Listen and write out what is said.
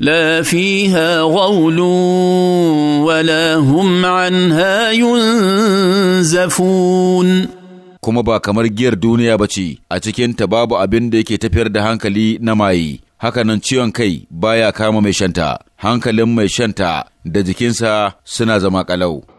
لا فيها غول ولا هم عنها ينزفون kuma ba kamar giyar duniya ba ce a cikinta babu abin da yake tafiyar da hankali na maye hakanan ciwon kai baya kama mai shanta hankalin mai shanta da jikinsa suna zama kalau